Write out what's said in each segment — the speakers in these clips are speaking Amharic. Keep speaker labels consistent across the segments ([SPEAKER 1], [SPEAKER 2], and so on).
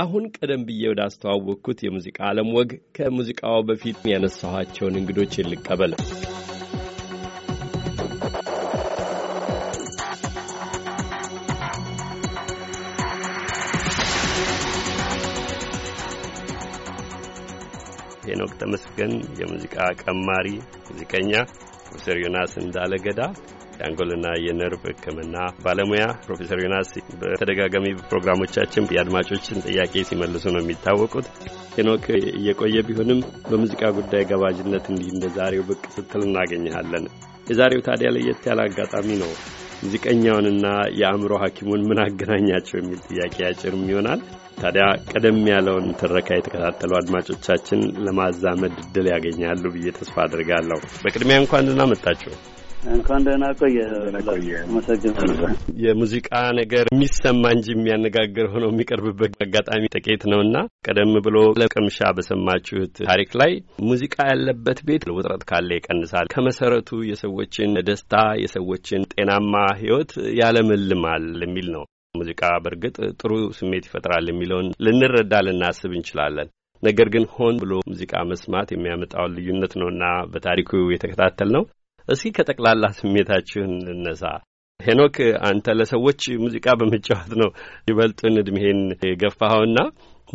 [SPEAKER 1] አሁን ቀደም ብዬ ወዳስተዋወቅኩት የሙዚቃ ዓለም ወግ ከሙዚቃው በፊት ያነሳኋቸውን እንግዶች ልቀበል። ሄኖክ ተመስገን የሙዚቃ ቀማሪ ሙዚቀኛ፣ ፕሮፌሰር ዮናስ እንዳለገዳ። የአንጎልና የነርቭ ሕክምና ባለሙያ ፕሮፌሰር ዮናስ በተደጋጋሚ ፕሮግራሞቻችን የአድማጮችን ጥያቄ ሲመልሱ ነው የሚታወቁት። ሄኖክ እየቆየ ቢሆንም በሙዚቃ ጉዳይ ገባዥነት እንዲህ እንደ ዛሬው ብቅ ስትል እናገኘሃለን። የዛሬው ታዲያ ለየት ያለ አጋጣሚ ነው። ሙዚቀኛውንና የአእምሮ ሐኪሙን ምን አገናኛቸው የሚል ጥያቄ ያጭርም ይሆናል። ታዲያ ቀደም ያለውን ትረካ የተከታተሉ አድማጮቻችን ለማዛመድ እድል ያገኛሉ ብዬ ተስፋ አድርጋለሁ። በቅድሚያ እንኳን ደህና መጣችሁ።
[SPEAKER 2] እንኳን ደህና ቆየ።
[SPEAKER 1] የሙዚቃ ነገር የሚሰማ እንጂ የሚያነጋግር ሆኖ የሚቀርብበት አጋጣሚ ጥቂት ነው እና ቀደም ብሎ ለቅምሻ በሰማችሁት ታሪክ ላይ ሙዚቃ ያለበት ቤት ውጥረት ካለ ይቀንሳል፣ ከመሰረቱ የሰዎችን ደስታ የሰዎችን ጤናማ ህይወት ያለመልማል የሚል ነው። ሙዚቃ በእርግጥ ጥሩ ስሜት ይፈጥራል የሚለውን ልንረዳ ልናስብ እንችላለን። ነገር ግን ሆን ብሎ ሙዚቃ መስማት የሚያመጣውን ልዩነት ነውና በታሪኩ የተከታተል ነው። እስኪ ከጠቅላላ ስሜታችሁን ልነሳ። ሄኖክ አንተ ለሰዎች ሙዚቃ በመጫወት ነው ይበልጡን እድሜህን የገፋኸውና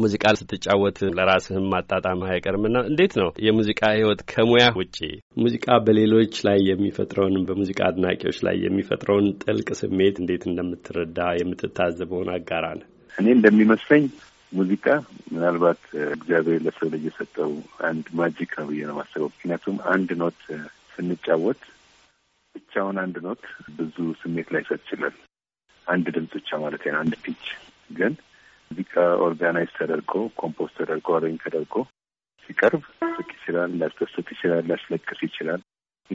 [SPEAKER 1] ሙዚቃ ስትጫወት ለራስህም ማጣጣም አይቀርምና እንዴት ነው የሙዚቃ ህይወት ከሙያ ውጪ ሙዚቃ በሌሎች ላይ የሚፈጥረውን በሙዚቃ አድናቂዎች ላይ የሚፈጥረውን ጥልቅ ስሜት እንዴት እንደምትረዳ የምትታዘበውን አጋራ ነ
[SPEAKER 3] እኔ እንደሚመስለኝ ሙዚቃ ምናልባት እግዚአብሔር ለሰው ልጅ የሰጠው አንድ ማጂክ ነው ብዬ ነው ማሰበው። ምክንያቱም አንድ ኖት ስንጫወት ብቻውን አንድ ኖት ብዙ ስሜት ላይ ላይሰጥ ይችላል። አንድ ድምፅ ብቻ ማለት ነው። አንድ ፒች ግን ሙዚቃ ኦርጋናይዝ ተደርጎ ኮምፖዝ ተደርጎ አሬንጅ ተደርጎ ሲቀርብ ስቅ ይችላል፣ ሊያስደስት ይችላል፣ ሊያስለቅስ ይችላል፣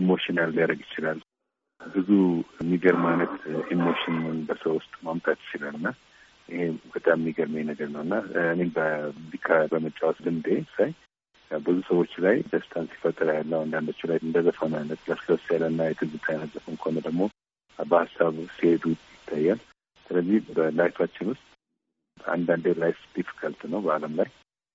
[SPEAKER 3] ኢሞሽናል ሊያደርግ ይችላል። ብዙ የሚገርም አይነት ኢሞሽንን በሰው ውስጥ ማምጣት ይችላል እና ይሄ በጣም የሚገርመኝ ነገር ነው እና እኔም በሙዚቃ በመጫወት ልምዴ ሳይ ብዙ ሰዎች ላይ ደስታን ሲፈጥር ያለው አንዳንዶች ላይ እንደ ዘፈን አይነት ለስለስ ያለና የትዝታ አይነት ዘፈን ከሆነ ደግሞ በሀሳብ ሲሄዱ ይታያል። ስለዚህ በላይፋችን ውስጥ አንዳንዴ ላይፍ ዲፊካልት ነው በዓለም ላይ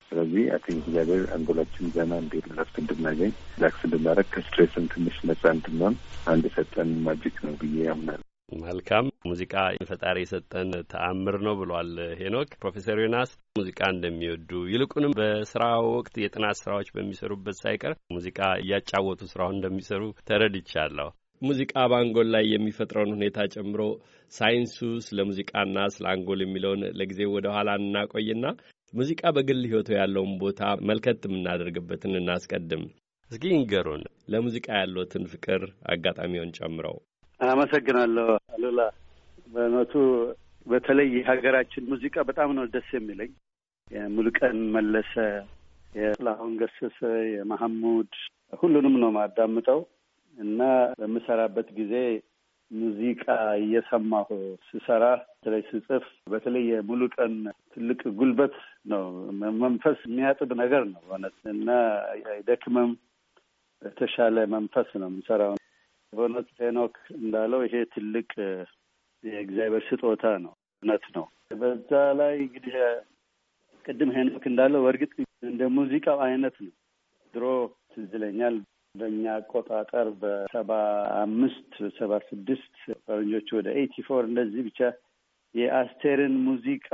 [SPEAKER 3] ስለዚህ አይ ቲንክ እግዚአብሔር አንጎላችን ዘና እንዴት ረፍት እንድናገኝ ላክስ እንድናደርግ ከስትሬስን ትንሽ ነጻ እንድንሆን አንድ የሰጠን ማጅክ ነው ብዬ ያምናል።
[SPEAKER 1] መልካም ሙዚቃ ፈጣሪ የሰጠን ተአምር ነው ብሏል ሄኖክ። ፕሮፌሰር ዮናስ ሙዚቃ እንደሚወዱ ይልቁንም በስራ ወቅት የጥናት ስራዎች በሚሰሩበት ሳይቀር ሙዚቃ እያጫወቱ ስራውን እንደሚሰሩ ተረድቻለሁ። ሙዚቃ በአንጎል ላይ የሚፈጥረውን ሁኔታ ጨምሮ ሳይንሱ ስለ ሙዚቃና ስለ አንጎል የሚለውን ለጊዜው ወደ ኋላ እናቆይና ሙዚቃ በግል ህይወቱ ያለውን ቦታ መልከት የምናደርግበትን እናስቀድም። እስኪ ንገሩን ለሙዚቃ ያለትን ፍቅር አጋጣሚውን ጨምረው
[SPEAKER 2] አመሰግናለሁ አሉላ። በእውነቱ በተለይ የሀገራችን ሙዚቃ በጣም ነው ደስ የሚለኝ። የሙሉቀን መለሰ፣ የጥላሁን ገሰሰ፣ የመሐሙድ ሁሉንም ነው ማዳምጠው እና በምሰራበት ጊዜ ሙዚቃ እየሰማሁ ስሰራ በተለይ ስጽፍ በተለይ የሙሉቀን ትልቅ ጉልበት ነው፣ መንፈስ የሚያጥብ ነገር ነው እውነት እና አይደክምም። በተሻለ መንፈስ ነው የምሰራው። በእውነት ሄኖክ እንዳለው ይሄ ትልቅ የእግዚአብሔር ስጦታ ነው። እውነት ነው። በዛ ላይ እንግዲህ ቅድም ሄኖክ እንዳለው በእርግጥ እንደ ሙዚቃው አይነት ነው። ድሮ ትዝ ይለኛል በእኛ አቆጣጠር በሰባ አምስት ሰባ ስድስት ፈረንጆቹ ወደ ኤይቲ ፎር እንደዚህ ብቻ የአስቴርን ሙዚቃ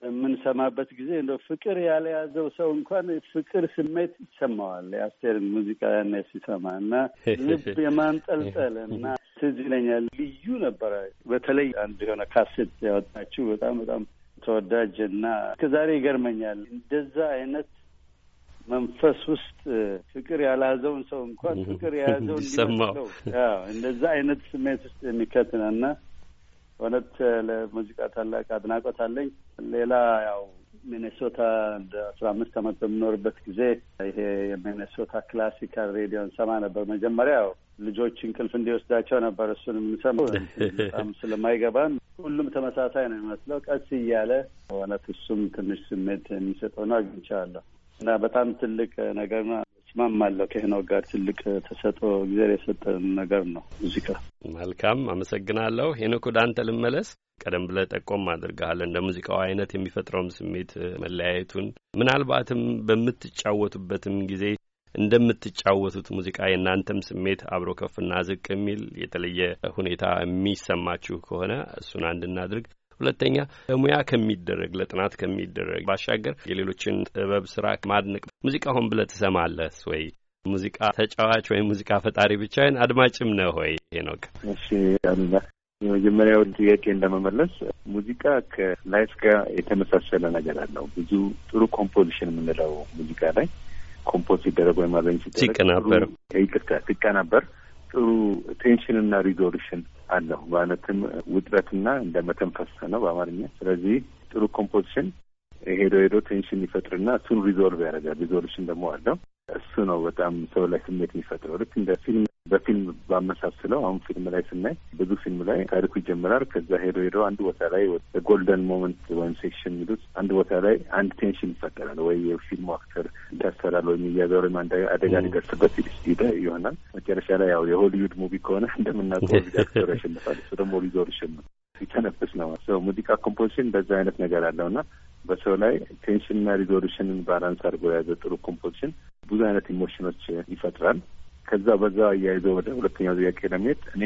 [SPEAKER 2] በምንሰማበት ጊዜ እንደ ፍቅር ያለያዘው ሰው እንኳን ፍቅር ስሜት ይሰማዋል። የአስቴርን ሙዚቃ ያኔ ሲሰማ እና ልብ የማንጠልጠል እና ትዝ ይለኛል። ልዩ ነበረ። በተለይ አንድ የሆነ ካሴት ያወጣችው በጣም በጣም ተወዳጅ እና እስከዛሬ ይገርመኛል እንደዛ አይነት መንፈስ ውስጥ ፍቅር ያልያዘውን ሰው እንኳን ፍቅር የያዘውን እንዲሰማው እንደዛ አይነት ስሜት ውስጥ የሚከትና እና እውነት ለሙዚቃ ታላቅ አድናቆት አለኝ። ሌላ ያው ሚኔሶታ እንደ አስራ አምስት አመት በምኖርበት ጊዜ ይሄ የሚኔሶታ ክላሲካል ሬዲዮ ሰማ ነበር። መጀመሪያ ያው ልጆች እንቅልፍ እንዲወስዳቸው ነበር እሱን የምንሰማው በጣም ስለማይገባን ሁሉም ተመሳሳይ ነው የሚመስለው። ቀስ እያለ እውነት እሱም ትንሽ ስሜት የሚሰጠው ነው አግኝቼዋለሁ እና በጣም ትልቅ ነገር ነው። እስማማለሁ ከሄናው ጋር ትልቅ ተሰጦ እግዚአብሔር የሰጠ ነገር ነው ሙዚቃ።
[SPEAKER 1] መልካም አመሰግናለሁ። ሄኖክ ወደ አንተ ልመለስ። ቀደም ብለህ ጠቆም አድርገሃል እንደ ሙዚቃው አይነት የሚፈጥረውም ስሜት መለያየቱን ምናልባትም በምትጫወቱበትም ጊዜ እንደምትጫወቱት ሙዚቃ የእናንተም ስሜት አብሮ ከፍና ዝቅ የሚል የተለየ ሁኔታ የሚሰማችሁ ከሆነ እሱን አንድ እናድርግ። ሁለተኛ ለሙያ ከሚደረግ ለጥናት ከሚደረግ ባሻገር የሌሎችን ጥበብ ስራ ማድነቅ ሙዚቃ ሆን ብለህ ትሰማለህ ወይ? ሙዚቃ ተጫዋች ወይም ሙዚቃ ፈጣሪ ብቻዬን አድማጭም ነህ ወይ ሄኖክ?
[SPEAKER 3] እሺ አሉላ፣ የመጀመሪያውን ጥያቄ እንደመመለስ ሙዚቃ ከላይፍ ጋር የተመሳሰለ ነገር አለው። ብዙ ጥሩ ኮምፖዚሽን የምንለው ሙዚቃ ላይ ኮምፖዝ ሲደረግ ወይም አዘኝ ሲደረግ ሲቀናበር፣ ይቅርታ ሲቀናበር ጥሩ ቴንሽን ና ሪዞሉሽን አለው ማለትም ውጥረትና እንደ መተንፈስ ነው በአማርኛ። ስለዚህ ጥሩ ኮምፖዚሽን ሄዶ ሄዶ ቴንሽን ይፈጥርና እሱን ሪዞልቭ ያደርጋል። ሪዞሉሽን ደግሞ አለው። እሱ ነው በጣም ሰው ላይ ስሜት የሚፈጥረው። ልክ እንደ ፊልም በፊልም ባመሳስለው አሁን ፊልም ላይ ስናይ ብዙ ፊልም ላይ ታሪኩ ይጀምራል። ከዛ ሄዶ ሄዶ አንድ ቦታ ላይ ጎልደን ሞመንት ወይም ሴክሽን የሚሉት አንድ ቦታ ላይ አንድ ቴንሽን ይፈጠራል። ወይ የፊልሙ አክተር ይታሰራል ወይም እያዘው ወይም አንድ አደጋ ሊደርስበት ሂደ ይሆናል። መጨረሻ ላይ ያው የሆሊውድ ሙቪ ከሆነ እንደምናውቀው ዚ አክተር ያሸንፋል። እሱ ደግሞ ሪዞሉሽን ነው፣ ሲተነፍስ ነው። ሙዚቃ ኮምፖዚሽን በዛ አይነት ነገር አለው እና በሰው ላይ ቴንሽንና ሪዞሉሽንን ባላንስ አድርጎ የያዘ ጥሩ ኮምፖዚሽን ብዙ አይነት ኢሞሽኖች ይፈጥራል። ከዛ በዛ እያይዘው ወደ ሁለተኛው ጥያቄ ለመሄድ እኔ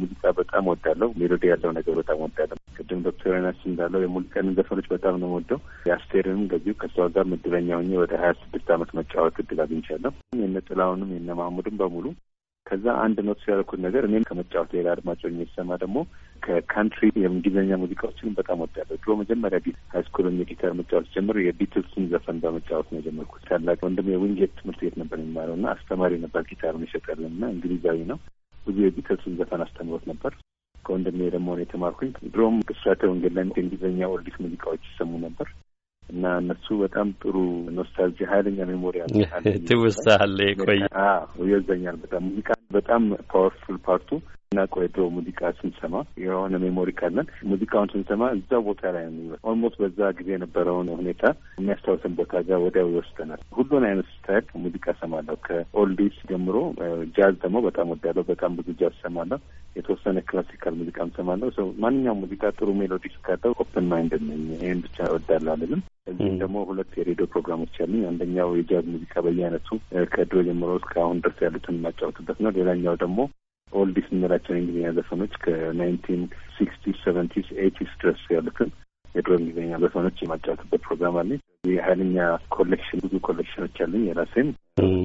[SPEAKER 3] ሙዚቃ በጣም ወዳለው፣ ሜሎዲ ያለው ነገር በጣም ወዳለው። ቅድም ዶክተር ዮናስ እንዳለው የሙዚቃን ዘፈኖች በጣም ነው ወደው። የአስቴርንም እንደዚሁ ከሷ ጋር ምድበኛ ሆኜ ወደ ሀያ ስድስት አመት መጫወት እድል አግኝቻለሁ። የነ ጥላሁንም የነ ማህሙድም በሙሉ ከዛ አንድ ኖት ያደረኩት ነገር እኔም ከመጫወት ሌላ አድማጮ የሚሰማ ደግሞ ከካንትሪ የእንግሊዝኛ ሙዚቃዎችን በጣም ወዳለሁ። ድሮ መጀመሪያ ቢት ሃይስኩልን የጊታር መጫወት ጀምር የቢትልስን ዘፈን በመጫወት ነው ጀመርኩት። ታላቅ ወንድም የዊንጌት ትምህርት ቤት ነበር የሚማረው እና አስተማሪ ነበር ጊታሩን ይሸጠልን እና እንግሊዛዊ ነው። ብዙ የቢትልስን ዘፈን አስተምሮት ነበር። ከወንድሜ ደግሞ የተማርኩኝ ድሮም ብስራተ ወንጌል ላይ እንግሊዝኛ ኦልዲስ ሙዚቃዎች ይሰሙ ነበር እና እነሱ በጣም ጥሩ ኖስታልጂ ሀይለኛ ሜሞሪያ ትውስታ አለ የቆየ በጣም ሙዚቃ በጣም ፓወርፉል ፓርቱ የምናውቀው የድሮ ሙዚቃ ስንሰማ የሆነ ሜሞሪ ካለን ሙዚቃውን ስንሰማ እዛው ቦታ ላይ ነው። ኦልሞስት በዛ ጊዜ የነበረውን ሁኔታ የሚያስታውሰን ቦታ ጋር ወዲያው ይወስደናል። ሁሉን አይነት ስታይል ሙዚቃ ሰማለሁ። ከኦልዲስ ጀምሮ ጃዝ ደግሞ በጣም ወዳለሁ። በጣም ብዙ ጃዝ ሰማለሁ። የተወሰነ ክላሲካል ሙዚቃ ሰማለሁ። ሰው ማንኛውም ሙዚቃ ጥሩ ሜሎዲ ስካለው ኦፕን ማይንድ ነኝ። ይህን ብቻ እወዳለሁ አልልም። እዚህም ደግሞ ሁለት የሬዲዮ ፕሮግራሞች ያሉኝ፣ አንደኛው የጃዝ ሙዚቃ በየአይነቱ ከድሮ ጀምሮ እስከ አሁን ድረስ ያሉትን የማጫወትበት ነው። ሌላኛው ደግሞ ኦልዲስ የምንላቸውን የእንግሊዝኛ ዘፈኖች ከናይንቲን ሲክስቲስ፣ ሰቨንቲስ ኤይቲስ ድረስ ያሉትን የድሮ እንግሊዝኛ ዘፈኖች የማጫወትበት ፕሮግራም አለኝ። የሀይለኛ ኮሌክሽን ብዙ ኮሌክሽኖች አለኝ የራሴን።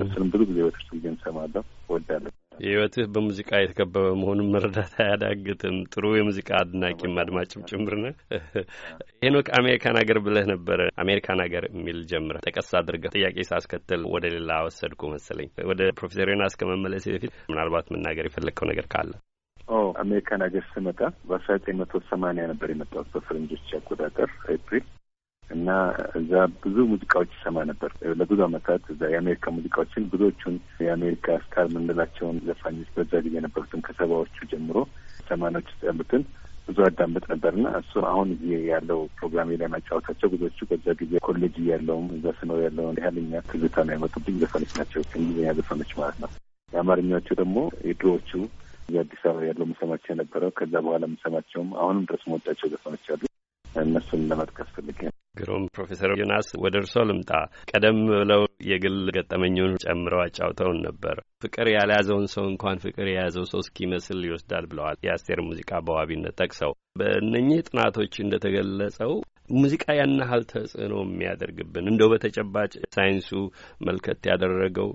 [SPEAKER 3] እሱንም ብዙ ጊዜ በትርስ ጊዜ እንሰማለሁ እወዳለሁ።
[SPEAKER 1] የህይወትህ በሙዚቃ የተከበበ መሆኑን መረዳት አያዳግትም። ጥሩ የሙዚቃ አድናቂም አድማጭም ጭምር ነህ። ሄኖክ አሜሪካን ሀገር ብለህ ነበረ። አሜሪካን ሀገር የሚል ጀምረህ ጠቀስ አድርገህ ጥያቄ ሳስከትል ወደ ሌላ ወሰድኩ መሰለኝ። ወደ ፕሮፌሰር ዮናስ ከመመለሴ በፊት ምናልባት መናገር የፈለግከው ነገር ካለ
[SPEAKER 3] አሜሪካን ሀገር ስመጣ በአስራ ዘጠኝ መቶ ሰማንያ ነበር የመጣሁት በፈረንጆች አቆጣጠር ኤፕሪል እና እዛ ብዙ ሙዚቃዎች ይሰማ ነበር ለብዙ አመታት እዛ የአሜሪካ ሙዚቃዎችን ብዙዎቹን የአሜሪካ ስታር የምንላቸውን ዘፋኞች በዛ ጊዜ የነበሩትን ከሰባዎቹ ጀምሮ ሰማኖች ያሉትን ብዙ አዳምጥ ነበርና እሱ አሁን ጊዜ ያለው ፕሮግራም ላይ ማጫወታቸው ብዙዎቹ በዛ ጊዜ ኮሌጅ እያለውም እዛ ስኖር ያለውን ያህልኛ ትዝታ ነው ያመጡብኝ ዘፈኖች ናቸው። እንግሊዝኛ ዘፈኖች ማለት ነው። የአማርኛዎቹ ደግሞ የድሮዎቹ የአዲስ አበባ ያለው መሰማቸው የነበረው ከዛ በኋላ መሰማቸውም አሁንም ድረስ መወዳቸው ዘፈኖች አሉ። እነሱን ለመጥቀስ ፈልጌ
[SPEAKER 1] ግሩም ፕሮፌሰር ዮናስ ወደ እርሶ ልምጣ። ቀደም ብለው የግል ገጠመኙን ጨምረው አጫውተውን ነበር። ፍቅር ያልያዘውን ሰው እንኳን ፍቅር የያዘው ሰው እስኪመስል ይወስዳል ብለዋል። የአስቴር ሙዚቃ በዋቢነት ጠቅሰው በእነኚህ ጥናቶች እንደተገለጸው ሙዚቃ ያን ያህል ተጽዕኖ የሚያደርግብን እንደው በተጨባጭ ሳይንሱ መልከት ያደረገው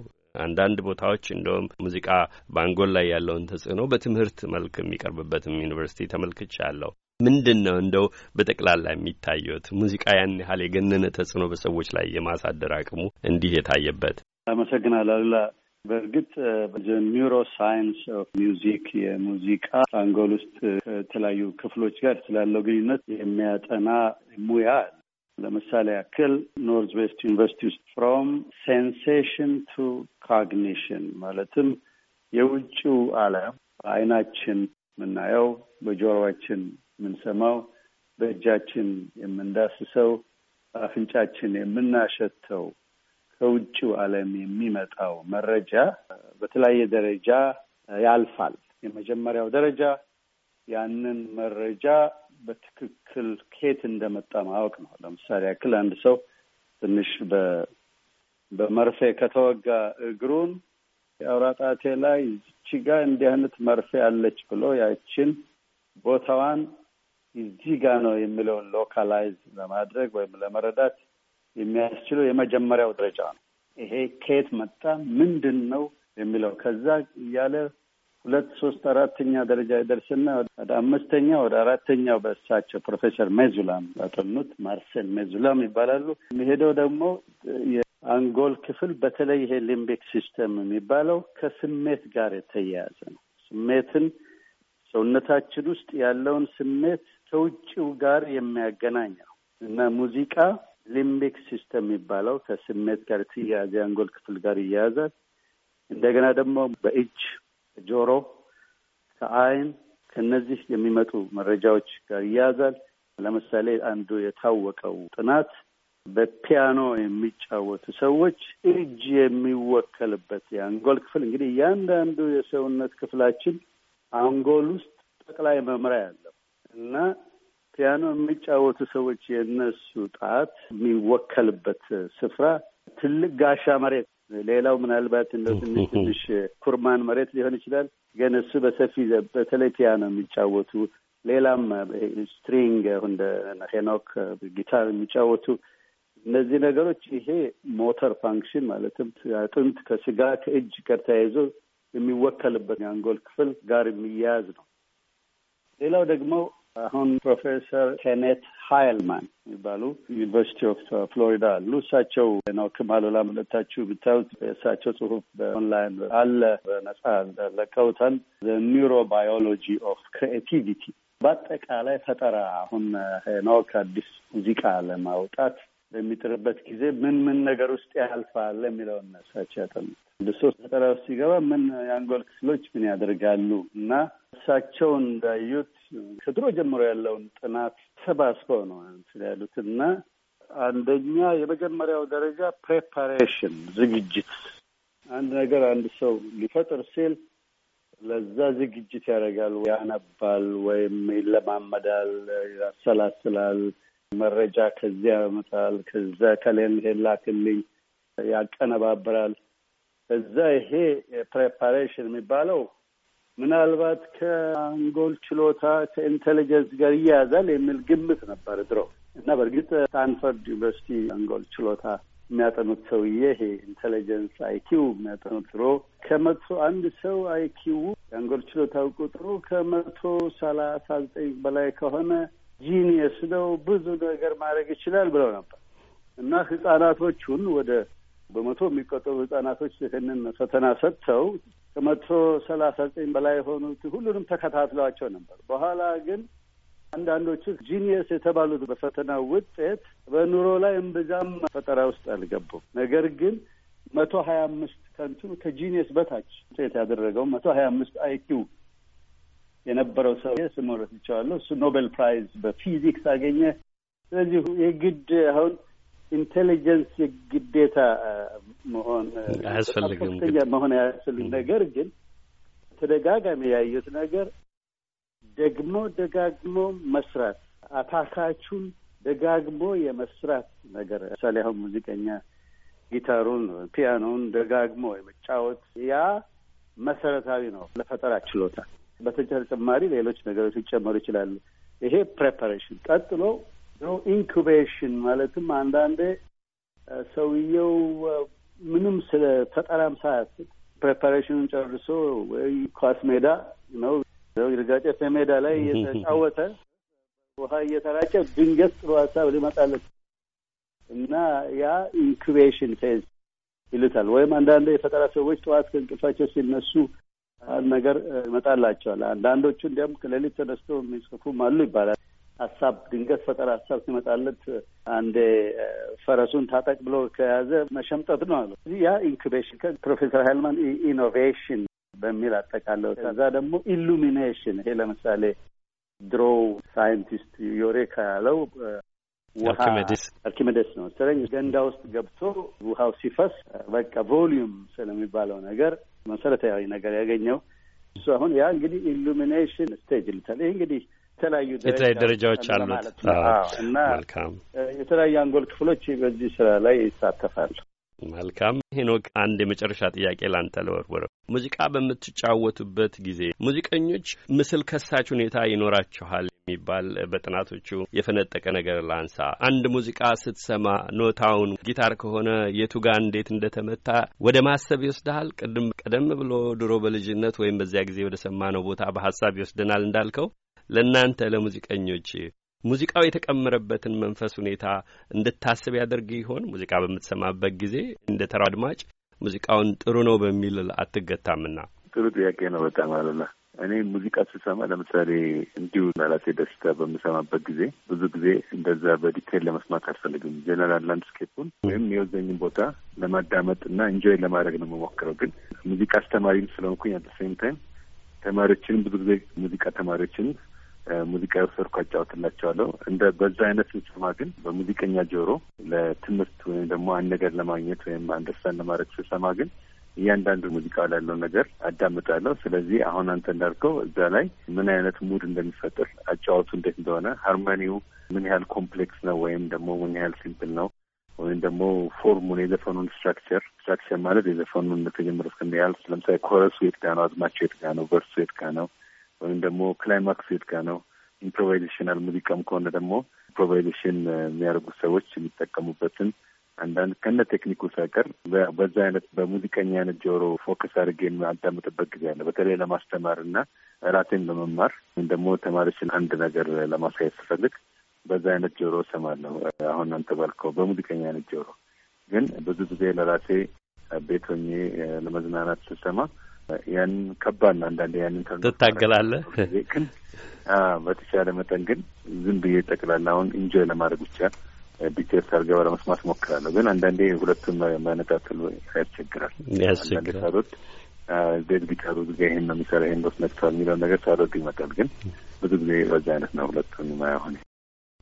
[SPEAKER 1] አንዳንድ ቦታዎች እንደውም ሙዚቃ በአንጎል ላይ ያለውን ተጽዕኖ በትምህርት መልክ የሚቀርብበትም ዩኒቨርሲቲ ተመልክቻለሁ። ምንድን ነው እንደው በጠቅላላ የሚታየት ሙዚቃ ያን ያህል የገነነ ተጽዕኖ በሰዎች ላይ የማሳደር አቅሙ እንዲህ የታየበት?
[SPEAKER 2] አመሰግናለሁ አሉላ። በእርግጥ ኒውሮ ሳይንስ ኦፍ ሚውዚክ የሙዚቃ አንጎል ውስጥ ከተለያዩ ክፍሎች ጋር ስላለው ግንኙነት የሚያጠና ሙያ አለ። ለምሳሌ ያክል ኖርዝ ዌስት ዩኒቨርሲቲ ውስጥ ፍሮም ሴንሴሽን ቱ ካግኒሽን ማለትም የውጭው ዓለም በአይናችን የምናየው፣ በጆሮችን የምንሰማው፣ በእጃችን የምንዳስሰው፣ በአፍንጫችን የምናሸተው ከውጭው ዓለም የሚመጣው መረጃ በተለያየ ደረጃ ያልፋል። የመጀመሪያው ደረጃ ያንን መረጃ በትክክል ኬት እንደመጣ ማወቅ ነው። ለምሳሌ ያክል አንድ ሰው ትንሽ በመርፌ ከተወጋ እግሩን የአውራ ጣቴ ላይ ይቺ ጋ እንዲህ አይነት መርፌ አለች ብሎ ያችን ቦታዋን እዚህ ጋ ነው የሚለውን ሎካላይዝ ለማድረግ ወይም ለመረዳት የሚያስችለው የመጀመሪያው ደረጃ ነው። ይሄ ከየት መጣ፣ ምንድን ነው የሚለው ከዛ እያለ ሁለት ሶስት አራተኛ ደረጃ ይደርስና ወደ አምስተኛ ወደ አራተኛው በእሳቸው ፕሮፌሰር ሜዙላም ያጠኑት ማርሴል ሜዙላም ይባላሉ። የሚሄደው ደግሞ የአንጎል ክፍል በተለይ ይሄ ሊምቢክ ሲስተም የሚባለው ከስሜት ጋር የተያያዘ ነው። ስሜትን ሰውነታችን ውስጥ ያለውን ስሜት ከውጭው ጋር የሚያገናኝ ነው እና ሙዚቃ ሊምቢክ ሲስተም የሚባለው ከስሜት ጋር የተያያዘ የአንጎል ክፍል ጋር ይያያዛል። እንደገና ደግሞ በእጅ ከጆሮ ከአይን ከነዚህ የሚመጡ መረጃዎች ጋር ይያያዛል። ለምሳሌ አንዱ የታወቀው ጥናት በፒያኖ የሚጫወቱ ሰዎች እጅ የሚወከልበት የአንጎል ክፍል እንግዲህ እያንዳንዱ የሰውነት ክፍላችን አንጎል ውስጥ ጠቅላይ መምሪያ ያለው እና ፒያኖ የሚጫወቱ ሰዎች የነሱ ጣት የሚወከልበት ስፍራ ትልቅ ጋሻ መሬት ሌላው ምናልባት እንደ ትንሽ ትንሽ ኩርማን መሬት ሊሆን ይችላል። ግን እሱ በሰፊ በተለይ ፒያኖ የሚጫወቱ ሌላም ስትሪንግ እንደ ሄኖክ ጊታር የሚጫወቱ እነዚህ ነገሮች ይሄ ሞተር ፋንክሽን ማለትም አጥንት ከስጋ ከእጅ ጋር ተያይዞ የሚወከልበት የአንጎል ክፍል ጋር የሚያያዝ ነው። ሌላው ደግሞ አሁን ፕሮፌሰር ኬኔት ሃይልማን የሚባሉ ዩኒቨርሲቲ ኦፍ ፍሎሪዳ አሉ። እሳቸው ነው ከማሉላ መለታችሁ ብታዩት የእሳቸው ጽሁፍ በኦንላይን አለ፣ በነጻ ለቀውታል። ኒውሮ ባዮሎጂ ኦፍ ክሬኤቲቪቲ በአጠቃላይ ፈጠራ። አሁን ሄኖክ አዲስ ሙዚቃ ለማውጣት በሚጥርበት ጊዜ ምን ምን ነገር ውስጥ ያልፋል የሚለውን እሳቸው ያጠኑት ሶስት ፈጠራ ውስጥ ሲገባ ምን የአንጎል ክፍሎች ምን ያደርጋሉ እና እሳቸው እንዳዩት ከድሮ ጀምሮ ያለውን ጥናት ሰባስበው ነው ያሉት እና አንደኛ የመጀመሪያው ደረጃ ፕሬፓሬሽን ዝግጅት፣ አንድ ነገር አንድ ሰው ሊፈጥር ሲል ለዛ ዝግጅት ያደርጋል፣ ያነባል፣ ወይም ይለማመዳል፣ ያሰላስላል፣ መረጃ ከዚያ ያመጣል፣ ከዛ ከሌን ሄላክልኝ ያቀነባብራል። እዛ ይሄ ፕሬፓሬሽን የሚባለው ምናልባት ከአንጎል ችሎታ ከኢንቴሊጀንስ ጋር ይያያዛል የሚል ግምት ነበር ድሮ እና በእርግጥ ስታንፈርድ ዩኒቨርሲቲ አንጎል ችሎታ የሚያጠኑት ሰውዬ ይሄ ኢንቴሊጀንስ አይኪው የሚያጠኑት ድሮ ከመቶ አንድ ሰው አይኪው የአንጎል ችሎታው ቁጥሩ ከመቶ ሰላሳ ዘጠኝ በላይ ከሆነ ጂኒየስ ነው፣ ብዙ ነገር ማድረግ ይችላል ብለው ነበር እና ህጻናቶቹን ወደ በመቶ የሚቆጠሩ ህጻናቶች ይህንን ፈተና ሰጥተው ከመቶ ሰላሳ ዘጠኝ በላይ የሆኑት ሁሉንም ተከታትለዋቸው ነበር። በኋላ ግን አንዳንዶቹ ጂኒየስ የተባሉት በፈተና ውጤት በኑሮ ላይ እምብዛም ፈጠራ ውስጥ አልገቡም። ነገር ግን መቶ ሀያ አምስት ከንቱ ከጂኒየስ በታች ውጤት ያደረገው መቶ ሀያ አምስት አይኪው የነበረው ሰው ስሞረት ይቸዋለሁ እሱ ኖቤል ፕራይዝ በፊዚክስ አገኘ። ስለዚህ የግድ አሁን ኢንቴሊጀንስ ግዴታ መሆን
[SPEAKER 1] አያስፈልግም
[SPEAKER 2] መሆን አያስፈልግ። ነገር ግን ተደጋጋሚ ያየሁት ነገር ደግሞ ደጋግሞ መስራት አታካቹን ደጋግሞ የመስራት ነገር ለምሳሌ አሁን ሙዚቀኛ ጊታሩን፣ ፒያኖውን ደጋግሞ የመጫወት ያ መሰረታዊ ነው ለፈጠራ ችሎታ። በተጨማሪ ሌሎች ነገሮች ሊጨመሩ ይችላሉ። ይሄ ፕሬፓሬሽን ቀጥሎ ነው። ኢንኩቤሽን ማለትም አንዳንዴ ሰውየው ምንም ስለ ፈጠራም ሳያስብ ፕሬፓሬሽኑን ጨርሶ ወይ ኳስ ሜዳ ነው ርጋጨፌ ሜዳ ላይ እየተጫወተ ውሃ እየተራጨ ድንገት ጥሩ ሀሳብ ሊመጣለት እና ያ ኢንኩቤሽን ፌዝ ይሉታል። ወይም አንዳንድ የፈጠራ ሰዎች ጠዋት ከእንቅልፋቸው ሲነሱ ነገር ይመጣላቸዋል። አንዳንዶቹ እንዲያውም ከሌሊት ተነስቶ የሚጽፉም አሉ ይባላል። ሀሳብ ድንገት ፈጠራ ሀሳብ ሲመጣለት አንዴ ፈረሱን ታጠቅ ብሎ ከያዘ መሸምጠት ነው አሉ። ያ ኢንኩቤሽን ፕሮፌሰር ሃይልማን ኢኖቬሽን በሚል አጠቃለው። ከዛ ደግሞ ኢሉሚኔሽን ይሄ ለምሳሌ ድሮ ሳይንቲስት ዮሬካ ያለው ውሃ አርኪሜዲስ ነው መሰለኝ ገንዳ ውስጥ ገብቶ ውሃው ሲፈስ በቃ ቮሊዩም ስለሚባለው ነገር መሰረታዊ ነገር ያገኘው እሱ። አሁን ያ እንግዲህ ኢሉሚኔሽን ስቴጅ ልታል። ይህ እንግዲህ የተለያዩ የተለያዩ ደረጃዎች አሉት እና የተለያዩ አንጎል ክፍሎች በዚህ ስራ ላይ ይሳተፋሉ።
[SPEAKER 1] መልካም ሄኖክ፣ አንድ የመጨረሻ ጥያቄ ላንተ ልወርወር። ሙዚቃ በምትጫወቱበት ጊዜ ሙዚቀኞች ምስል ከሳች ሁኔታ ይኖራችኋል የሚባል በጥናቶቹ የፈነጠቀ ነገር ላንሳ። አንድ ሙዚቃ ስትሰማ ኖታውን፣ ጊታር ከሆነ የቱ ጋር እንዴት እንደተመታ ወደ ማሰብ ይወስድሃል። ቅድም ቀደም ብሎ ድሮ በልጅነት ወይም በዚያ ጊዜ ወደ ሰማነው ቦታ በሀሳብ ይወስደናል እንዳልከው ለእናንተ ለሙዚቀኞች ሙዚቃው የተቀመረበትን መንፈስ ሁኔታ እንድታስብ ያደርግ ይሆን? ሙዚቃ በምትሰማበት ጊዜ እንደ ተራ አድማጭ ሙዚቃውን ጥሩ ነው በሚል አትገታምና።
[SPEAKER 3] ጥሩ ጥያቄ ነው በጣም አለና እኔ ሙዚቃ ስሰማ ለምሳሌ እንዲሁ ላላሴ ደስታ በምሰማበት ጊዜ ብዙ ጊዜ እንደዛ በዲቴል ለመስማት አልፈልግም። ጀነራል ላንድስኬፑን ወይም የወዘኝን ቦታ ለማዳመጥ እና ኢንጆይ ለማድረግ ነው የምሞክረው። ግን ሙዚቃ አስተማሪም ስለሆንኩኝ አት ሴም ታይም ተማሪዎችንም ብዙ ጊዜ ሙዚቃ ተማሪዎችን ሙዚቃ የወሰድኩ አጫወትላቸዋለሁ። እንደ በዛ አይነት ስንሰማ ግን በሙዚቀኛ ጆሮ ለትምህርት ወይም ደግሞ አንድ ነገር ለማግኘት ወይም አንደርስታንድ ለማድረግ ስንሰማ ግን እያንዳንዱ ሙዚቃ ላለው ነገር አዳምጣለሁ። ስለዚህ አሁን አንተ እንዳልከው እዛ ላይ ምን አይነት ሙድ እንደሚፈጥር አጫወቱ እንዴት እንደሆነ ሃርሞኒው ምን ያህል ኮምፕሌክስ ነው ወይም ደግሞ ምን ያህል ሲምፕል ነው ወይም ደግሞ ፎርሙን የዘፈኑን ስትራክቸር ስትራክቸር ማለት የዘፈኑን እንደተጀመረ እስከሚያልፍ ለምሳሌ ኮረሱ የትጋ ነው፣ አዝማቸው የትጋ ነው፣ ቨርሱ የትጋ ነው ወይም ደግሞ ክላይማክስ የት ጋ ነው፣ ኢምፕሮቫይዜሽናል ሙዚቃም ከሆነ ደግሞ ኢምፕሮቫይዜሽን የሚያደርጉት ሰዎች የሚጠቀሙበትን አንዳንድ ከነ ቴክኒኩ ሳይቀር በዛ አይነት በሙዚቀኛ አይነት ጆሮ ፎከስ አድርጌ የሚያዳምጥበት ጊዜ አለ። በተለይ ለማስተማር እና ራቴን ለመማር ወይም ደግሞ ተማሪዎችን አንድ ነገር ለማሳየት ስፈልግ በዛ አይነት ጆሮ እሰማለሁ። አሁን አንተ ባልከው በሙዚቀኛ አይነት ጆሮ ግን ብዙ ጊዜ ለራሴ ቤት ሆኜ ለመዝናናት ስሰማ ያንን ከባድ ነው። አንዳንድ ያንን ትታገላለህ። ግን በተቻለ መጠን ግን ዝም ብዬ ጠቅላላ አሁን ኢንጆይ ለማድረግ ብቻ ዲቴል ሳልገባ ለመስማት ሞክራለሁ። ግን አንዳንዴ ሁለቱን ማነጣጠል ያስቸግራል። አንዳንዴ ሳሮት ቤት ቢቀሩ ጊዜ ይሄን ነው የሚሰራ ይሄን ዶስ ነክቷል የሚለው ነገር ሳሮት ይመጣል። ግን ብዙ ጊዜ በዚህ አይነት ነው ሁለቱን ማያሆን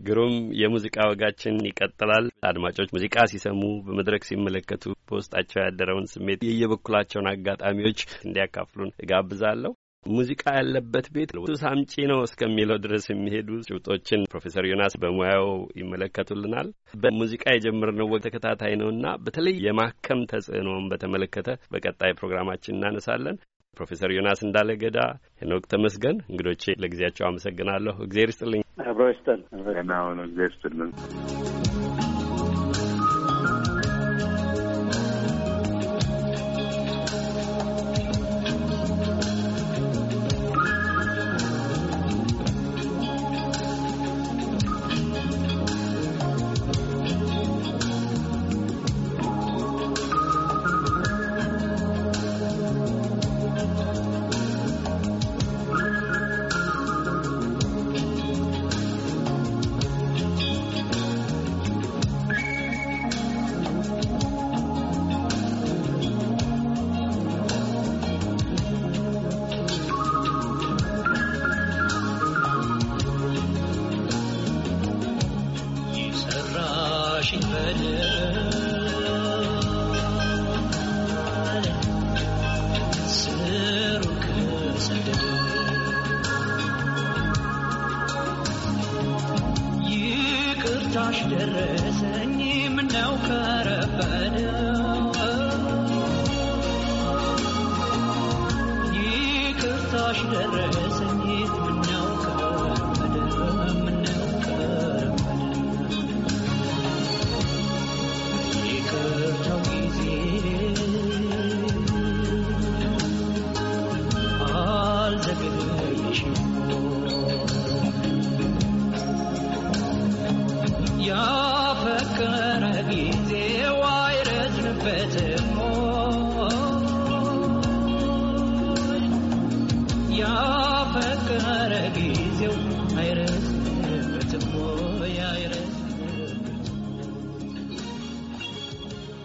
[SPEAKER 1] ግሩም የሙዚቃ ወጋችን ይቀጥላል። አድማጮች ሙዚቃ ሲሰሙ፣ በመድረክ ሲመለከቱ በውስጣቸው ያደረውን ስሜት የየበኩላቸውን አጋጣሚዎች እንዲያካፍሉን እጋብዛለሁ። ሙዚቃ ያለበት ቤት ሱስ አምጪ ነው እስከሚለው ድረስ የሚሄዱ ጭብጦችን ፕሮፌሰር ዮናስ በሙያው ይመለከቱልናል። በሙዚቃ የጀመርነው ወግ ተከታታይ ነውና በተለይ የማከም ተጽዕኖውን በተመለከተ በቀጣይ ፕሮግራማችን እናነሳለን። ፕሮፌሰር ዮናስ እንዳለ ገዳ፣ ሄኖክ ተመስገን እንግዶቼ ለጊዜያቸው አመሰግናለሁ። እግዜር ይስጥልኝ።
[SPEAKER 3] አብሮ ይስጥልን። እግዜር ይስጥልን።